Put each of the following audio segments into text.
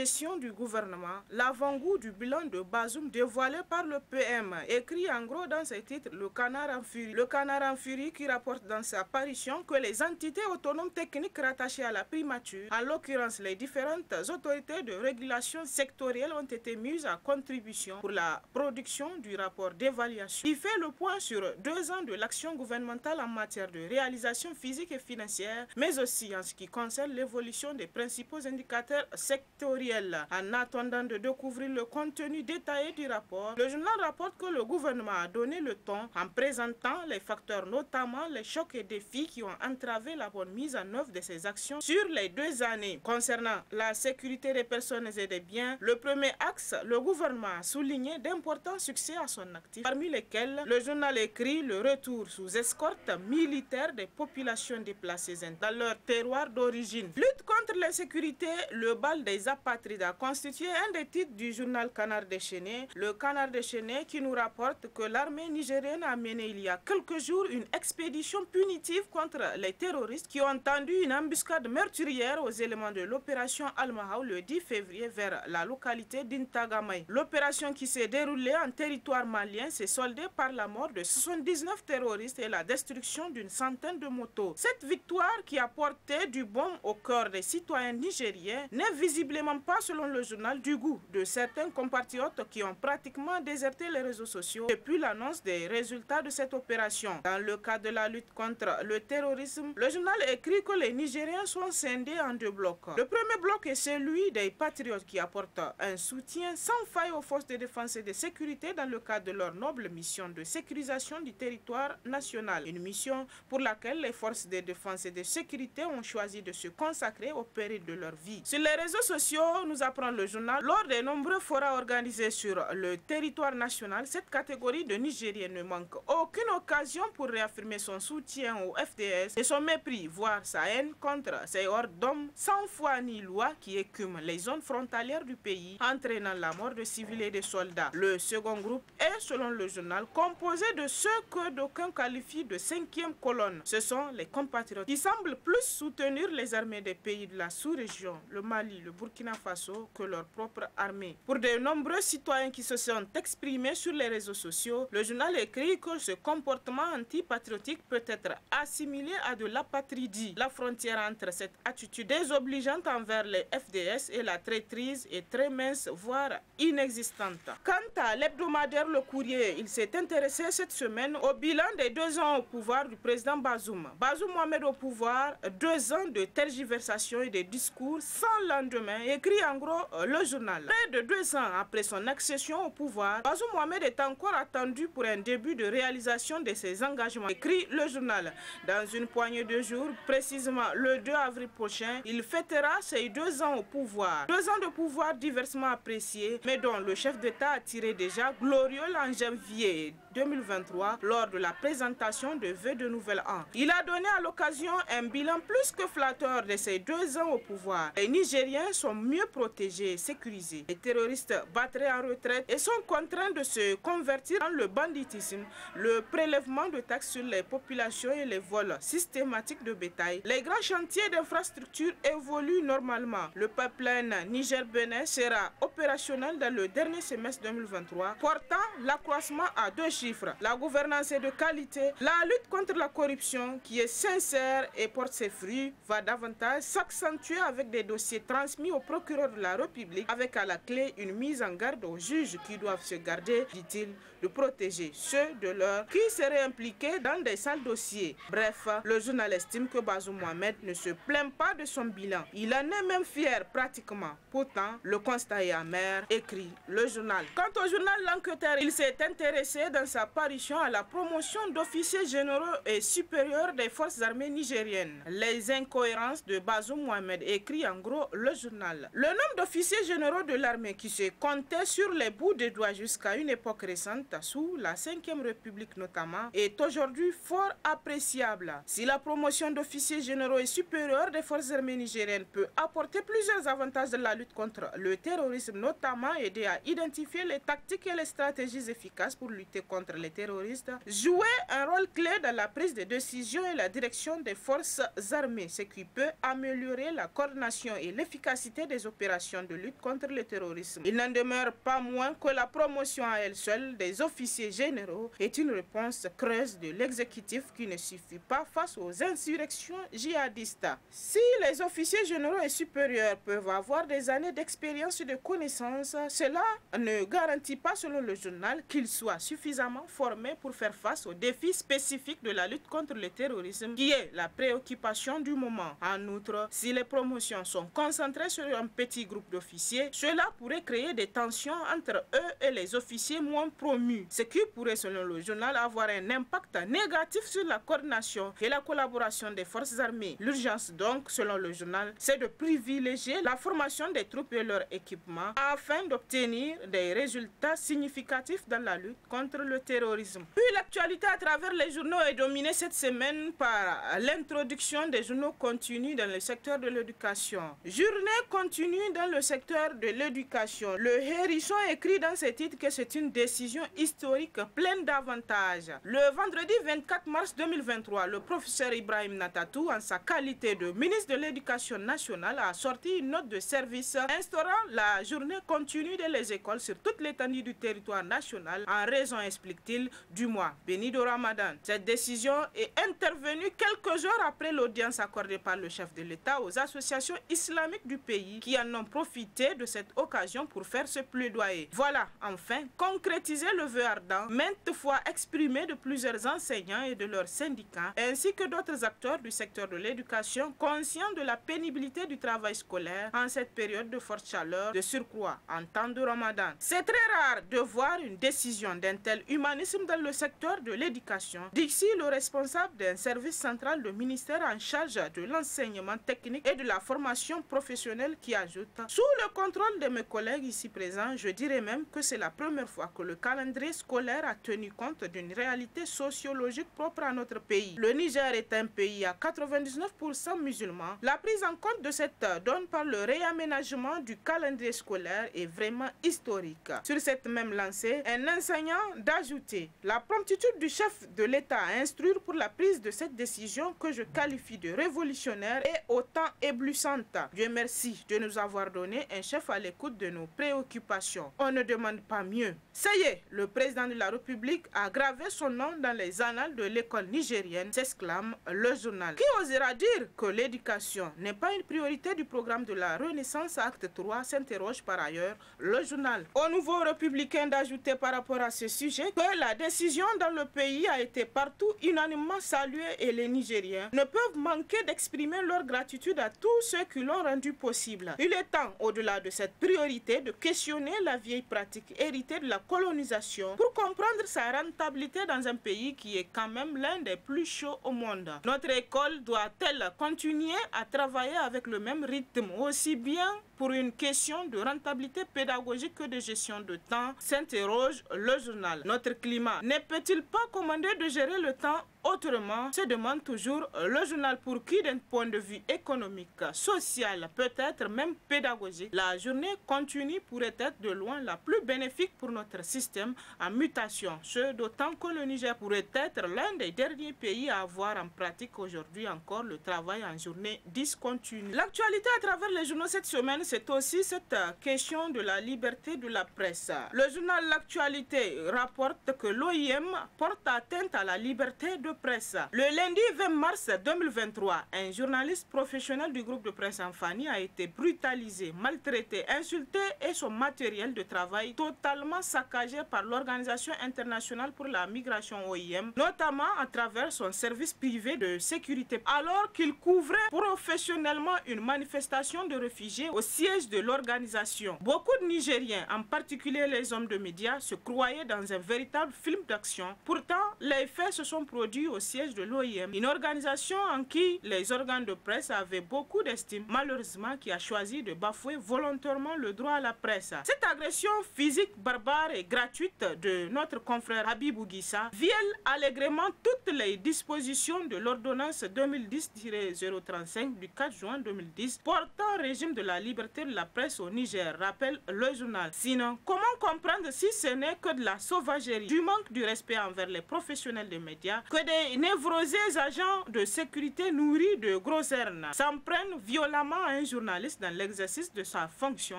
gestion du gouvernement, l'avant-goût du bilan de Bazoum dévoilé par le PM, écrit en gros dans ses titres Le Canard en furie. Le Canard en furie qui rapporte dans sa parution que les entités autonomes techniques rattachées à la primature, en l'occurrence les différentes autorités de régulation sectorielle, ont été mises à contribution pour la production du rapport d'évaluation. Il fait le point sur deux ans de l'action gouvernementale en matière de réalisation physique et financière, mais aussi en ce qui concerne l'évolution des principaux indicateurs sectoriels en attendant de découvrir le contenu détaillé du rapport, le journal rapporte que le gouvernement a donné le ton en présentant les facteurs, notamment les chocs et défis qui ont entravé la bonne mise en œuvre de ses actions sur les deux années. Concernant la sécurité des personnes et des biens, le premier axe, le gouvernement a souligné d'importants succès à son actif, parmi lesquels le journal écrit le retour sous escorte militaire des populations déplacées dans leur terroir d'origine. Lutte contre l'insécurité, le bal des apathies constitué un des titres du journal Canard déchaîné, le Canard déchaîné qui nous rapporte que l'armée nigérienne a mené il y a quelques jours une expédition punitive contre les terroristes qui ont tendu une embuscade meurtrière aux éléments de l'opération Almahao le 10 février vers la localité d'Intagamay. L'opération qui s'est déroulée en territoire malien s'est soldée par la mort de 79 terroristes et la destruction d'une centaine de motos. Cette victoire qui a porté du bon au cœur des citoyens nigériens n'est visiblement pas selon le journal, du goût de certains compatriotes qui ont pratiquement déserté les réseaux sociaux depuis l'annonce des résultats de cette opération. Dans le cas de la lutte contre le terrorisme, le journal écrit que les Nigériens sont scindés en deux blocs. Le premier bloc est celui des patriotes qui apportent un soutien sans faille aux forces de défense et de sécurité dans le cadre de leur noble mission de sécurisation du territoire national. Une mission pour laquelle les forces de défense et de sécurité ont choisi de se consacrer au péril de leur vie. Sur les réseaux sociaux, nous apprend le journal, lors des nombreux forats organisés sur le territoire national, cette catégorie de Nigériens ne manque aucune occasion pour réaffirmer son soutien au FDS et son mépris, voire sa haine contre ces hordes d'hommes sans foi ni loi qui écument les zones frontalières du pays, entraînant la mort de civils et de soldats. Le second groupe est, selon le journal, composé de ceux que d'aucuns qualifient de cinquième colonne. Ce sont les compatriotes qui semblent plus soutenir les armées des pays de la sous-région, le Mali, le Burkina Faso, que leur propre armée. Pour de nombreux citoyens qui se sont exprimés sur les réseaux sociaux, le journal écrit que ce comportement antipatriotique peut être assimilé à de l'apatridie. La frontière entre cette attitude désobligeante envers les FDS et la traîtrise est très mince, voire inexistante. Quant à l'hebdomadaire Le Courrier, il s'est intéressé cette semaine au bilan des deux ans au pouvoir du président Bazoum. Bazoum Mohamed au pouvoir, deux ans de tergiversation et de discours sans lendemain et en gros euh, le journal. Près de deux ans après son accession au pouvoir, Bazou Mohamed est encore attendu pour un début de réalisation de ses engagements, écrit le journal. Dans une poignée de jours, précisément le 2 avril prochain, il fêtera ses deux ans au pouvoir. Deux ans de pouvoir diversement appréciés, mais dont le chef d'État a tiré déjà glorieux en janvier 2023 lors de la présentation de vœux de nouvel an. Il a donné à l'occasion un bilan plus que flatteur de ses deux ans au pouvoir. Les Nigériens sont mieux protégés et sécurisés. Les terroristes battraient en retraite et sont contraints de se convertir dans le banditisme, le prélèvement de taxes sur les populations et les vols systématiques de bétail. Les grands chantiers d'infrastructures évoluent normalement. Le pipeline Niger-Bénin sera opérationnel dans le dernier semestre 2023, portant l'accroissement à deux chiffres. La gouvernance est de qualité, la lutte contre la corruption qui est sincère et porte ses fruits va davantage s'accentuer avec des dossiers transmis au procureur de la République avec à la clé une mise en garde aux juges qui doivent se garder, dit-il, de protéger ceux de leur qui seraient impliqués dans des salles dossiers. Bref, le journal estime que Bazoum Mohamed ne se plaint pas de son bilan. Il en est même fier pratiquement. Pourtant, le constat est amer, écrit le journal. Quant au journal L'Enquêteur, il s'est intéressé dans sa parution à la promotion d'officiers généraux et supérieurs des forces armées nigériennes. Les incohérences de Bazoum Mohamed, écrit en gros le journal. Le nombre d'officiers généraux de l'armée qui se comptait sur les bouts des doigts jusqu'à une époque récente, sous la Ve République notamment, est aujourd'hui fort appréciable. Si la promotion d'officiers généraux et supérieurs des forces armées nigériennes peut apporter plusieurs avantages de la lutte contre le terrorisme, notamment aider à identifier les tactiques et les stratégies efficaces pour lutter contre les terroristes, jouer un rôle clé dans la prise de décision et la direction des forces armées, ce qui peut améliorer la coordination et l'efficacité des opérations de lutte contre le terrorisme. Il n'en demeure pas moins que la promotion à elle seule des officiers généraux est une réponse creuse de l'exécutif qui ne suffit pas face aux insurrections djihadistes. Si les officiers généraux et supérieurs peuvent avoir des années d'expérience et de connaissances, cela ne garantit pas selon le journal qu'ils soient suffisamment formés pour faire face aux défis spécifiques de la lutte contre le terrorisme qui est la préoccupation du moment. En outre, si les promotions sont concentrées sur un petits groupes d'officiers, cela pourrait créer des tensions entre eux et les officiers moins promus, ce qui pourrait, selon le journal, avoir un impact négatif sur la coordination et la collaboration des forces armées. L'urgence donc, selon le journal, c'est de privilégier la formation des troupes et leur équipement afin d'obtenir des résultats significatifs dans la lutte contre le terrorisme. Puis l'actualité à travers les journaux est dominée cette semaine par l'introduction des journaux continus dans le secteur de l'éducation. Journée continue dans le secteur de l'éducation. Le Hérisson écrit dans ses titres que c'est une décision historique pleine d'avantages. Le vendredi 24 mars 2023, le professeur Ibrahim Natatou, en sa qualité de ministre de l'Éducation nationale, a sorti une note de service instaurant la journée continue des les écoles sur toute l'étendue du territoire national en raison, explique-t-il, du mois béni de Ramadan. Cette décision est intervenue quelques jours après l'audience accordée par le chef de l'État aux associations islamiques du pays qui a en ont profité de cette occasion pour faire ce plaidoyer. Voilà, enfin, concrétiser le vœu ardent, maintes fois exprimé de plusieurs enseignants et de leurs syndicats, ainsi que d'autres acteurs du secteur de l'éducation, conscients de la pénibilité du travail scolaire en cette période de forte chaleur, de surcroît en temps de ramadan. C'est très rare de voir une décision d'un tel humanisme dans le secteur de l'éducation. D'ici, le responsable d'un service central de ministère en charge de l'enseignement technique et de la formation professionnelle qui a ajoute Sous le contrôle de mes collègues ici présents, je dirais même que c'est la première fois que le calendrier scolaire a tenu compte d'une réalité sociologique propre à notre pays. Le Niger est un pays à 99% musulmans. La prise en compte de cette donne par le réaménagement du calendrier scolaire est vraiment historique. Sur cette même lancée, un enseignant d'ajouter la promptitude du chef de l'État à instruire pour la prise de cette décision que je qualifie de révolutionnaire et autant éblouissante. Dieu merci de nous avoir donné un chef à l'écoute de nos préoccupations. On ne demande pas mieux. Ça y est, le président de la République a gravé son nom dans les annales de l'école nigérienne, s'exclame le journal. Qui osera dire que l'éducation n'est pas une priorité du programme de la Renaissance Acte 3 s'interroge par ailleurs le journal. Au nouveau républicain d'ajouter par rapport à ce sujet que la décision dans le pays a été partout unanimement saluée et les Nigériens ne peuvent manquer d'exprimer leur gratitude à tous ceux qui l'ont rendu possible. Il est temps, au-delà de cette priorité, de questionner la vieille pratique héritée de la colonisation pour comprendre sa rentabilité dans un pays qui est quand même l'un des plus chauds au monde. Notre école doit-elle continuer à travailler avec le même rythme, aussi bien pour une question de rentabilité pédagogique que de gestion de temps, s'interroge le journal. Notre climat ne peut-il pas commander de gérer le temps Autrement, se demande toujours euh, le journal pour qui, d'un point de vue économique, social, peut-être même pédagogique, la journée continue pourrait être de loin la plus bénéfique pour notre système en mutation, ce d'autant que le Niger pourrait être l'un des derniers pays à avoir en pratique aujourd'hui encore le travail en journée discontinue. L'actualité à travers les journaux cette semaine, c'est aussi cette euh, question de la liberté de la presse. Le journal L'actualité rapporte que l'OIM porte atteinte à la liberté de presse. Le lundi 20 mars 2023, un journaliste professionnel du groupe de presse Enfani a été brutalisé, maltraité, insulté et son matériel de travail totalement saccagé par l'Organisation internationale pour la migration OIM, notamment à travers son service privé de sécurité, alors qu'il couvrait professionnellement une manifestation de réfugiés au siège de l'organisation. Beaucoup de Nigériens, en particulier les hommes de médias, se croyaient dans un véritable film d'action. Pourtant, les faits se sont produits au siège de l'OIM, une organisation en qui les organes de presse avaient beaucoup d'estime, malheureusement qui a choisi de bafouer volontairement le droit à la presse. Cette agression physique barbare et gratuite de notre confrère Habib Bougissa viole allègrement toutes les dispositions de l'ordonnance 2010-035 du 4 juin 2010 portant régime de la liberté de la presse au Niger, rappelle le journal. Sinon, comment comprendre si ce n'est que de la sauvagerie, du manque du respect envers les professionnels des médias, que des les névrosés agents de sécurité nourris de grosses hernes s'en prennent violemment à un journaliste dans l'exercice de sa fonction,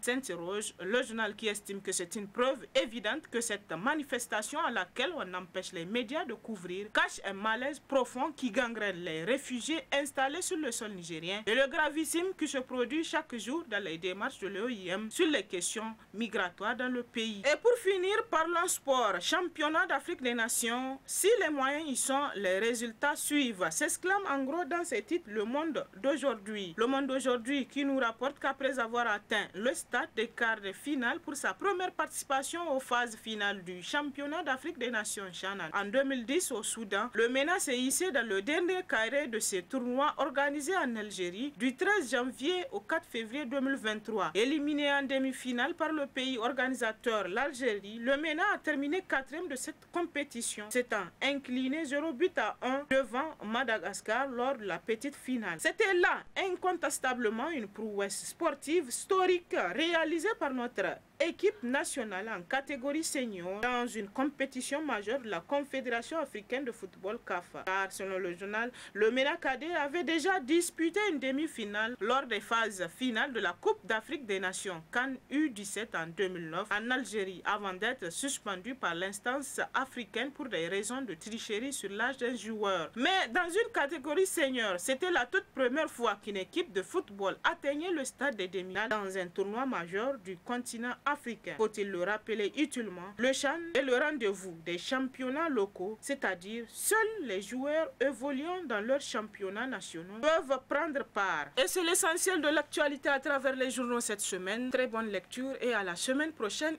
s'interroge le journal qui estime que c'est une preuve évidente que cette manifestation à laquelle on empêche les médias de couvrir cache un malaise profond qui gangrène les réfugiés installés sur le sol nigérien et le gravissime qui se produit chaque jour dans les démarches de l'OIM sur les questions migratoires dans le pays. Et pour finir, parlons sport. Championnat d'Afrique des Nations. Si les moyens y sont, les résultats suivent. S'exclame en gros dans ses titres Le Monde d'aujourd'hui. Le Monde d'aujourd'hui qui nous rapporte qu'après avoir atteint le stade des quarts de finale pour sa première participation aux phases finales du championnat d'Afrique des Nations Channel en 2010 au Soudan, le MENA s'est hissé dans le dernier carré de ce tournoi organisé en Algérie du 13 janvier au 4 février 2023. Éliminé en demi-finale par le pays organisateur, l'Algérie, le MENA a terminé quatrième de cette compétition, un incliné 0 but à 1 devant Madagascar lors de la petite finale. C'était là incontestablement une prouesse sportive historique réalisée par notre équipe nationale en catégorie senior dans une compétition majeure de la Confédération africaine de football CAFA. Car selon le journal, le Ménacadé avait déjà disputé une demi-finale lors des phases finales de la Coupe d'Afrique des Nations Cannes U17 en 2009 en Algérie avant d'être suspendu par l'instance africaine pour des raisons de tricherie sur l'âge d'un joueur. Mais dans une catégorie senior, c'était la toute première fois qu'une équipe de football atteignait le stade des demi finales dans un tournoi majeur du continent africain faut-il le rappeler utilement, le CHAN est le rendez-vous des championnats locaux, c'est-à-dire seuls les joueurs évoluant dans leurs championnats nationaux peuvent prendre part. Et c'est l'essentiel de l'actualité à travers les journaux cette semaine. Très bonne lecture et à la semaine prochaine.